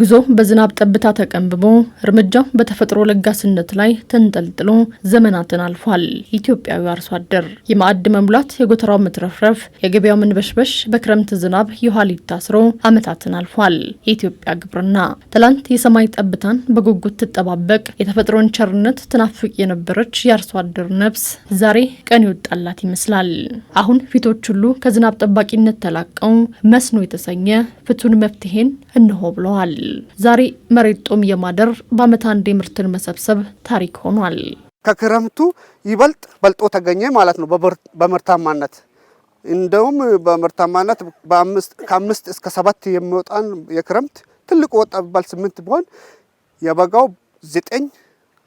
ጉዞ በዝናብ ጠብታ ተቀንብቦ እርምጃው በተፈጥሮ ለጋስነት ላይ ተንጠልጥሎ ዘመናትን አልፏል። ኢትዮጵያዊ አርሶ አደር የማዕድ መሙላት፣ የጎተራው መትረፍረፍ፣ የገበያው መንበሽበሽ በክረምት ዝናብ የኋሊት ሊታስሮ ዓመታትን አልፏል። የኢትዮጵያ ግብርና ትላንት የሰማይ ጠብታን በጉጉት ትጠባበቅ የተፈጥሮን ቸርነት ትናፍቅ የነበረች የአርሶ አደር ነፍስ ዛሬ ቀን ይወጣላት ይመስላል። አሁን ፊቶች ሁሉ ከዝናብ ጠባቂነት ተላቀው መስኖ የተሰኘ ፍቱን መፍትሄን እንሆ ብለዋል። ዛሬ መሬት ጦም የማደር በአመት አንዴ ምርትን መሰብሰብ ታሪክ ሆኗል። ከክረምቱ ይበልጥ በልጦ ተገኘ ማለት ነው በምርታማነት እንደውም በምርታማነት ከአምስት እስከ ሰባት የሚወጣን የክረምት ትልቁ ወጣ ቢባል ስምንት ቢሆን የበጋው ዘጠኝ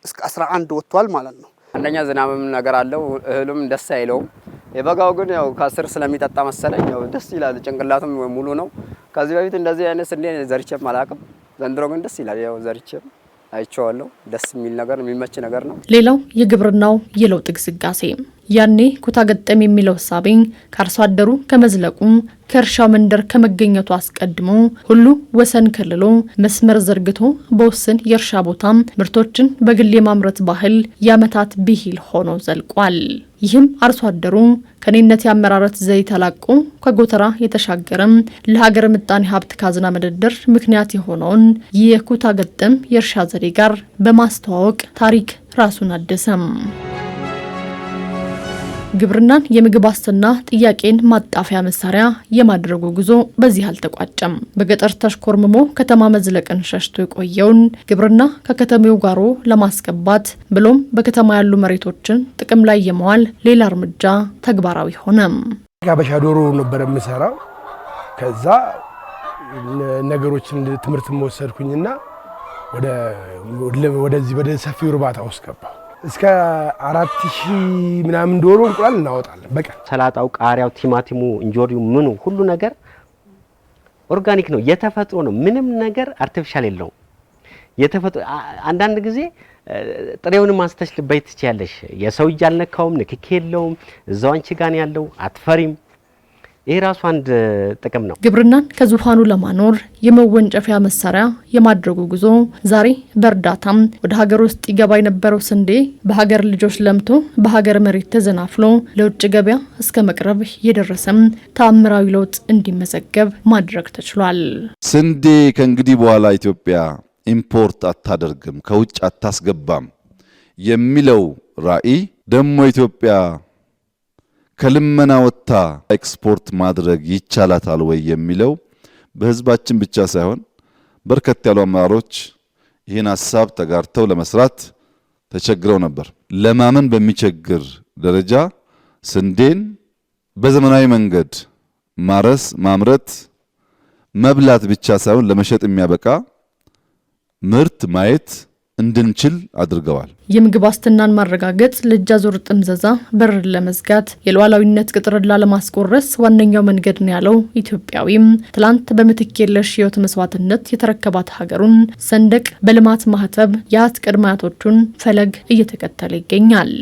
እስከ አስራ አንድ ወጥቷል ማለት ነው። አንደኛ ዝናብም ነገር አለው፣ እህሉም ደስ አይለውም። የበጋው ግን ያው ከአስር ስለሚጠጣ መሰለኝ ያው ደስ ይላል። ጭንቅላቱም ሙሉ ነው። ከዚህ በፊት እንደዚህ አይነት ስንዴ ዘርቼም አላውቅም። ዘንድሮ ግን ደስ ይላል። ያው ዘርቼም አይቼዋለሁ። ደስ የሚል ነገር የሚመች ነገር ነው። ሌላው የግብርናው የለውጥ ግስጋሴ ያኔ ኩታ ገጠም የሚለው እሳቤ ከአርሶ አደሩ ከመዝለቁ ከእርሻው መንደር ከመገኘቱ አስቀድሞ ሁሉ ወሰን ከልሎ መስመር ዘርግቶ በውስን የእርሻ ቦታ ምርቶችን በግል የማምረት ባህል የዓመታት ብሂል ሆኖ ዘልቋል። ይህም አርሶ አደሩ ከኔነት የአመራረት ዘይ ተላቆ ከጎተራ የተሻገረም ለሀገር ምጣኔ ሀብት ካዝና መደደር ምክንያት የሆነውን የኩታ ገጠም የእርሻ ዘዴ ጋር በማስተዋወቅ ታሪክ ራሱን አደሰም። ግብርናን የምግብ ዋስትና ጥያቄን ማጣፊያ መሳሪያ የማድረጉ ጉዞ በዚህ አልተቋጨም። በገጠር ተሽኮርምሞ ከተማ መዝለቅን ሸሽቶ የቆየውን ግብርና ከከተሜው ጋሮ ለማስገባት ብሎም በከተማ ያሉ መሬቶችን ጥቅም ላይ የመዋል ሌላ እርምጃ ተግባራዊ ሆነ። ጋበሻ ዶሮ ነበር የምሰራው። ከዛ ነገሮችን ትምህርት መወሰድኩኝና ወደዚህ ወደ ሰፊው እርባታ ውስጥ ገባ። እስከ አራት ሺህ ምናምን ዶሮ እንቁላል እናወጣለን በቀን። ሰላጣው፣ ቃሪያው፣ ቲማቲሙ፣ እንጆሪው፣ ምኑ ሁሉ ነገር ኦርጋኒክ ነው፣ የተፈጥሮ ነው። ምንም ነገር አርቲፊሻል የለውም። የተፈጥሮ አንዳንድ ጊዜ ጥሬውን ማስተሽ ልበይ ትችያለሽ። የሰው እጅ አልነካውም፣ ንክክ የለውም። እዛው አንቺ ጋን ያለው አትፈሪም። ይሄ ራሱ አንድ ጥቅም ነው። ግብርናን ከዙፋኑ ለማኖር የመወንጨፊያ መሳሪያ የማድረጉ ጉዞ ዛሬ በእርዳታም ወደ ሀገር ውስጥ ይገባ የነበረው ስንዴ በሀገር ልጆች ለምቶ በሀገር መሬት ተዘናፍሎ ለውጭ ገበያ እስከ መቅረብ የደረሰም ተአምራዊ ለውጥ እንዲመዘገብ ማድረግ ተችሏል። ስንዴ ከእንግዲህ በኋላ ኢትዮጵያ ኢምፖርት አታደርግም፣ ከውጭ አታስገባም የሚለው ራዕይ ደግሞ ኢትዮጵያ ከልመና ወጥታ ኤክስፖርት ማድረግ ይቻላታል ወይ የሚለው በህዝባችን ብቻ ሳይሆን በርከት ያሉ አመራሮች ይህን ሀሳብ ተጋርተው ለመስራት ተቸግረው ነበር። ለማመን በሚቸግር ደረጃ ስንዴን በዘመናዊ መንገድ ማረስ፣ ማምረት፣ መብላት ብቻ ሳይሆን ለመሸጥ የሚያበቃ ምርት ማየት እንድንችል አድርገዋል። የምግብ ዋስትናን ማረጋገጥ ለእጅ አዙር ጥምዘዛ በርን ለመዝጋት የሉዓላዊነት ቅጥርን ላለማስቆረስ ዋነኛው መንገድ ነው ያለው ኢትዮጵያዊም ትላንት በምትክ የለሽ ህይወት መስዋዕትነት የተረከባት ሀገሩን ሰንደቅ በልማት ማህተብ የአት ቅድመ አያቶቹን ፈለግ እየተከተለ ይገኛል።